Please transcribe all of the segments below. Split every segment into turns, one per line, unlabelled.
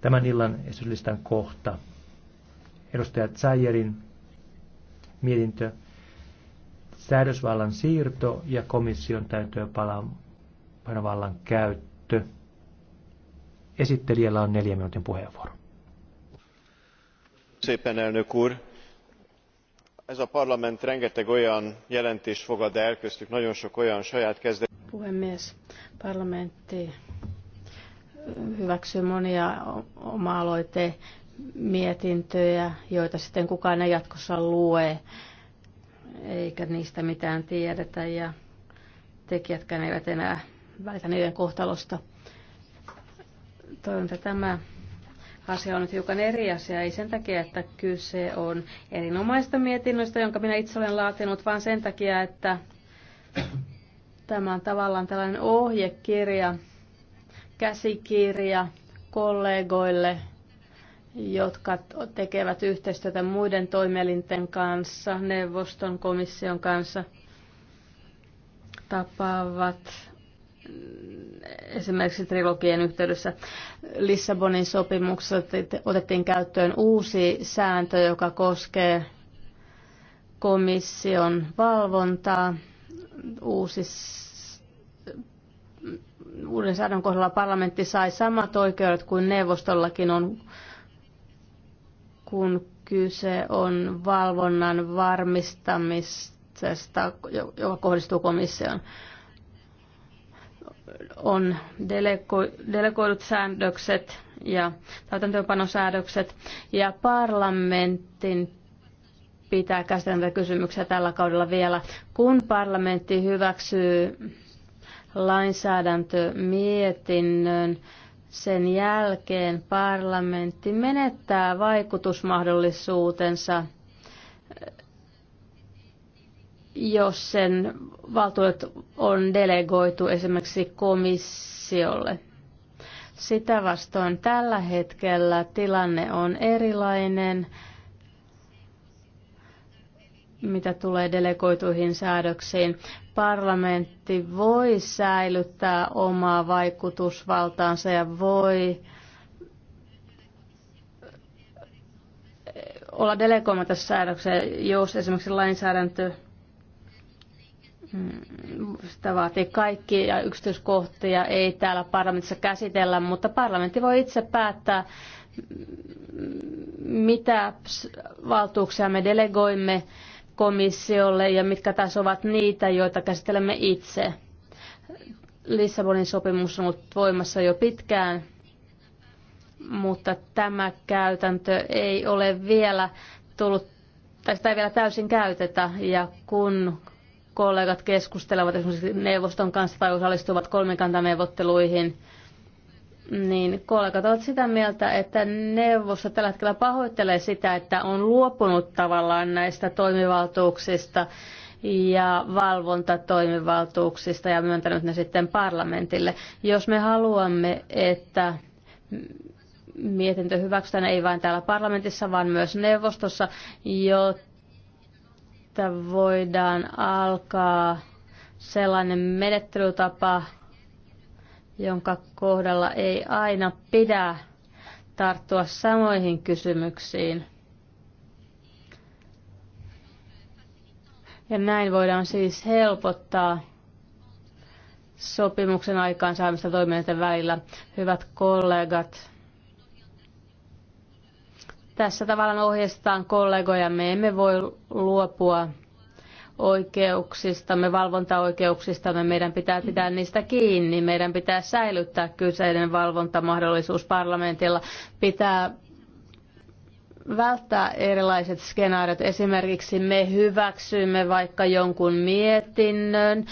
Tämän illan esityslistan kohta. Edustaja Zajerin mietintö. Säädösvallan siirto ja komission täytyy täytöönpanovallan käyttö. Esittelijällä on neljä minuutin puheenvuoro.
Szépen elnök úr! Ez a parlament rengeteg olyan jelentést fogad el, köztük nagyon sok olyan saját kezdeményezést.
Puhemies, parlamentti hyväksyy monia oma-aloite mietintöjä, joita sitten kukaan ei jatkossa lue, eikä niistä mitään tiedetä ja tekijätkään eivät enää välitä niiden kohtalosta. Toivon, että tämä asia on nyt hiukan eri asia, ei sen takia, että kyse on erinomaista mietinnöstä, jonka minä itse olen laatinut, vaan sen takia, että tämä on tavallaan tällainen ohjekirja käsikirja kollegoille, jotka tekevät yhteistyötä muiden toimielinten kanssa, neuvoston komission kanssa, tapaavat esimerkiksi trilogien yhteydessä Lissabonin sopimuksessa otettiin käyttöön uusi sääntö, joka koskee komission valvontaa. Uusi uuden säädön kohdalla parlamentti sai samat oikeudet kuin neuvostollakin on, kun kyse on valvonnan varmistamisesta, joka kohdistuu komissioon. On deleko, delegoidut säännökset ja täytäntöönpanosäädökset ja parlamentin pitää käsitellä kysymyksiä tällä kaudella vielä. Kun parlamentti hyväksyy lainsäädäntömietinnön, sen jälkeen parlamentti menettää vaikutusmahdollisuutensa, jos sen valtuudet on delegoitu esimerkiksi komissiolle. Sitä vastoin tällä hetkellä tilanne on erilainen mitä tulee delegoituihin säädöksiin. Parlamentti voi säilyttää omaa vaikutusvaltaansa ja voi eh, olla delegoimatta säädöksiä, jos esimerkiksi lainsäädäntö mm, sitä vaatii kaikki ja yksityiskohtia ei täällä parlamentissa käsitellä, mutta parlamentti voi itse päättää, mm, mitä valtuuksia me delegoimme komissiolle ja mitkä taas ovat niitä, joita käsittelemme itse. Lissabonin sopimus on ollut voimassa jo pitkään, mutta tämä käytäntö ei ole vielä tullut, tai sitä ei vielä täysin käytetä, ja kun kollegat keskustelevat esimerkiksi neuvoston kanssa tai osallistuvat kolmikantaneuvotteluihin, niin kollegat ovat sitä mieltä, että neuvosto tällä hetkellä pahoittelee sitä, että on luopunut tavallaan näistä toimivaltuuksista ja valvontatoimivaltuuksista ja myöntänyt ne sitten parlamentille. Jos me haluamme, että mietintö hyväksytään ei vain täällä parlamentissa, vaan myös neuvostossa, jotta voidaan alkaa sellainen menettelytapa, jonka kohdalla ei aina pidä tarttua samoihin kysymyksiin. Ja näin voidaan siis helpottaa sopimuksen aikaansaamista toimijoiden välillä. Hyvät kollegat, tässä tavallaan ohjeistetaan kollegoja. Me emme voi luopua oikeuksistamme, valvontaoikeuksistamme. Meidän pitää pitää niistä kiinni. Meidän pitää säilyttää kyseinen valvontamahdollisuus parlamentilla. Pitää välttää erilaiset skenaariot. Esimerkiksi me hyväksymme vaikka jonkun mietinnön,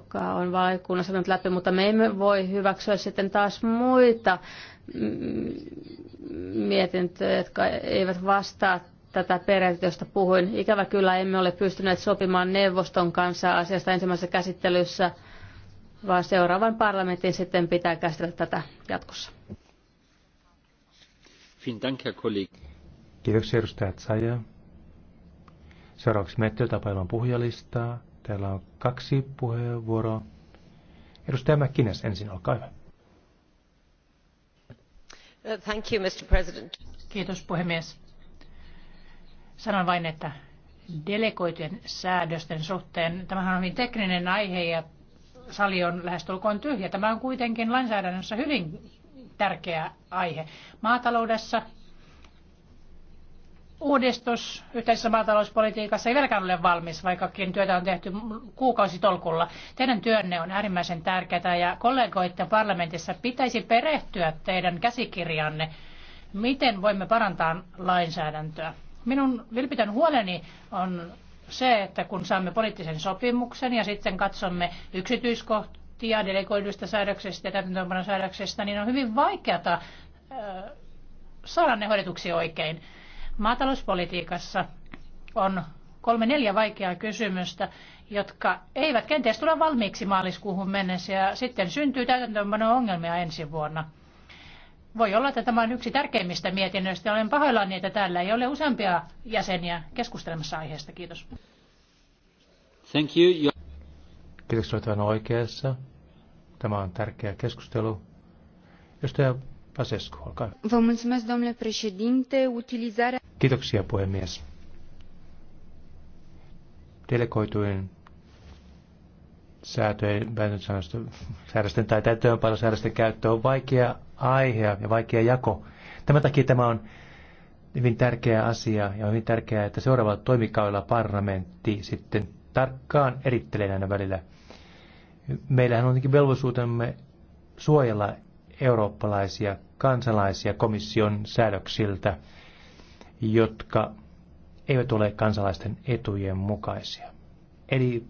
joka on valiokunnassa nyt läpi, mutta me emme voi hyväksyä sitten taas muita mm, mietintöjä, jotka eivät vastaa tätä periaatetta, josta puhuin. Ikävä kyllä emme ole pystyneet sopimaan neuvoston kanssa asiasta ensimmäisessä käsittelyssä, vaan seuraavan parlamentin sitten pitää käsitellä tätä jatkossa.
Kiitoksia edustaja Zaja. Seuraavaksi menetteltapäivän puhujalistaa. Täällä on kaksi puheenvuoroa. Edustaja Mäkkinäs ensin, olkaa hyvä.
Thank you, Mr. President. Kiitos puhemies. Sanon vain, että delegoitujen säädösten suhteen, tämähän on hyvin tekninen aihe ja sali on lähestulkoon tyhjä. Tämä on kuitenkin lainsäädännössä hyvin tärkeä aihe. Maataloudessa uudistus yhteisessä maatalouspolitiikassa ei vieläkään ole valmis, vaikkakin työtä on tehty kuukausitolkulla. Teidän työnne on äärimmäisen tärkeää ja kollegoiden parlamentissa pitäisi perehtyä teidän käsikirjanne, miten voimme parantaa lainsäädäntöä. Minun vilpitön huoleni on se, että kun saamme poliittisen sopimuksen ja sitten katsomme yksityiskohtia delegoiduista säädöksistä ja täytäntöönpanosäädöksistä, niin on hyvin vaikeata saada ne hoidetuksi oikein Maatalouspolitiikassa on kolme neljä vaikeaa kysymystä, jotka eivät kenties tule valmiiksi maaliskuuhun mennessä ja sitten syntyy täytäntöönpano ongelmia ensi vuonna. Voi olla, että tämä on yksi tärkeimmistä mietinnöistä. Olen pahoillani, että täällä ei ole useampia jäseniä keskustelemassa aiheesta. Kiitos.
Thank you. Kiitoksia, olet aivan oikeassa. Tämä on tärkeä keskustelu. Jostain Pasescu, olkaa hyvä.
mulțumesc, domnule președinte. Utilizarea
Kiitoksia puhemies. Delegoitujen säätöjen, säädösten tai täyttöönpanon säädösten käyttö on vaikea aihe ja vaikea jako. Tämän takia tämä on hyvin tärkeä asia ja on hyvin tärkeää, että seuraavalla toimikaudella parlamentti sitten tarkkaan erittelee näinä välillä. Meillähän on tietenkin velvollisuutemme suojella eurooppalaisia kansalaisia komission säädöksiltä jotka eivät ole kansalaisten etujen mukaisia. Eli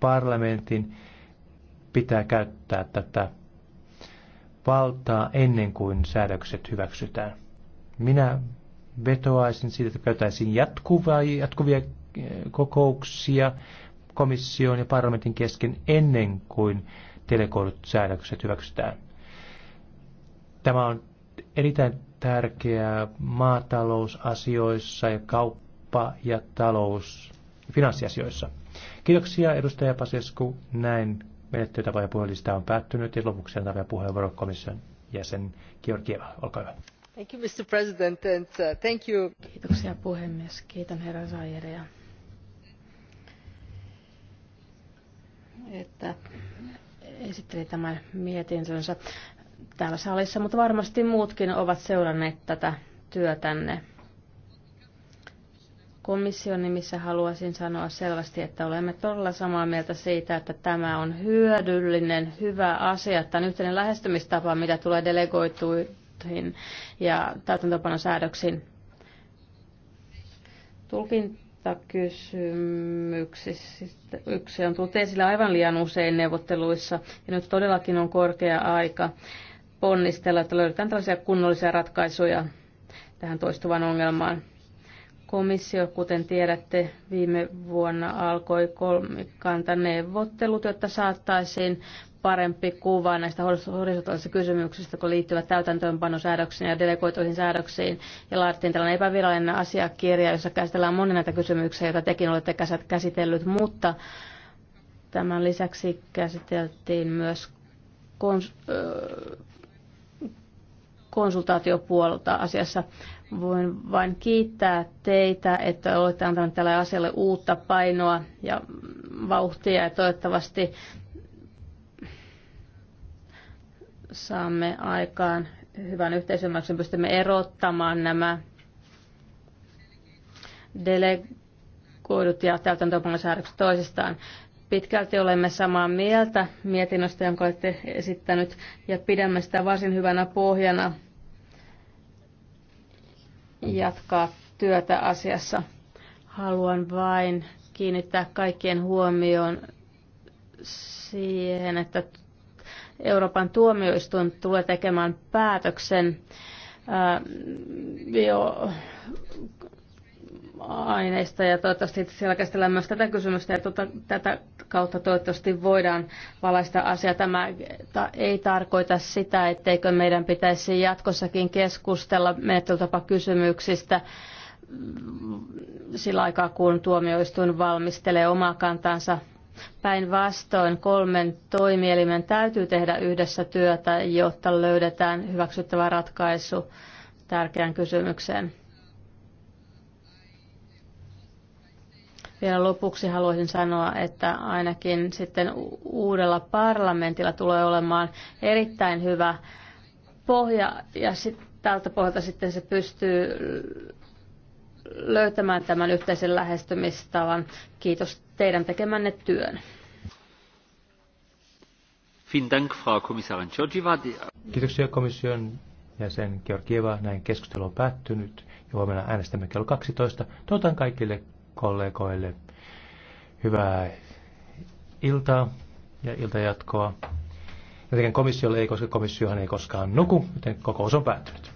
parlamentin pitää käyttää tätä valtaa ennen kuin säädökset hyväksytään. Minä vetoaisin siitä, että käytäisiin jatkuvia, jatkuvia eh, kokouksia komission ja parlamentin kesken ennen kuin delegoidut säädökset hyväksytään. Tämä on erittäin tärkeää maatalousasioissa ja kauppa- ja talous- ja finanssiasioissa. Kiitoksia edustaja Pasesku. Näin menettelytapoja puhelista on päättynyt ja lopuksi antaa puheenvuoro komission jäsen Georgieva. Olkaa hyvä.
Thank you, Mr. President, and uh, thank you. Kiitoksia puhemies. Kiitän herra Zaireja. Että esitteli tämän mietintönsä täällä salissa, mutta varmasti muutkin ovat seuranneet tätä työtänne. Komission nimissä haluaisin sanoa selvästi, että olemme todella samaa mieltä siitä, että tämä on hyödyllinen, hyvä asia. Tämä on yhteinen lähestymistapa, mitä tulee delegoituihin ja täytäntöpanosäädöksiin. Tulkin kysymyksistä. Yksi on tullut esille aivan liian usein neuvotteluissa ja nyt todellakin on korkea aika ponnistella, että löydetään tällaisia kunnollisia ratkaisuja tähän toistuvan ongelmaan. Komissio, kuten tiedätte, viime vuonna alkoi kolmikantaneuvottelut, jotta saattaisiin parempi kuva näistä horisontaalisista kysymyksistä, kun liittyvät täytäntöönpanosäädöksiin ja delegoituihin säädöksiin. Ja laadittiin tällainen epävirallinen asiakirja, jossa käsitellään monia näitä kysymyksiä, joita tekin olette käsitellyt, mutta tämän lisäksi käsiteltiin myös kons- konsultaatiopuolta asiassa. Voin vain kiittää teitä, että olette antaneet tälle asialle uutta painoa ja vauhtia ja toivottavasti saamme aikaan hyvän yhteisymmärryksen, pystymme erottamaan nämä delegoidut ja täytäntöönpanosäädökset toisistaan. Pitkälti olemme samaa mieltä mietinnöstä, jonka olette esittänyt, ja pidämme sitä varsin hyvänä pohjana jatkaa työtä asiassa. Haluan vain kiinnittää kaikkien huomioon siihen, että Euroopan tuomioistuin tulee tekemään päätöksen jo aineista ja toivottavasti siellä käsitellään myös tätä kysymystä ja tuota, tätä kautta toivottavasti voidaan valaista asiaa. Tämä ei tarkoita sitä, etteikö meidän pitäisi jatkossakin keskustella menettelytapakysymyksistä sillä aikaa, kun tuomioistuin valmistelee omaa kantansa Päinvastoin kolmen toimielimen täytyy tehdä yhdessä työtä, jotta löydetään hyväksyttävä ratkaisu tärkeään kysymykseen. Vielä lopuksi haluaisin sanoa, että ainakin sitten uudella parlamentilla tulee olemaan erittäin hyvä pohja ja sitten tältä pohjalta sitten se pystyy löytämään tämän yhteisen lähestymistavan. Kiitos teidän tekemänne työn.
Kiitoksia komission jäsen Georgieva. Näin keskustelu on päättynyt ja huomenna äänestämme kello 12. Toivotan kaikille kollegoille hyvää iltaa ja iltajatkoa. Joten komissiolle ei, koska komissiohan ei koskaan nuku, joten kokous on päättynyt.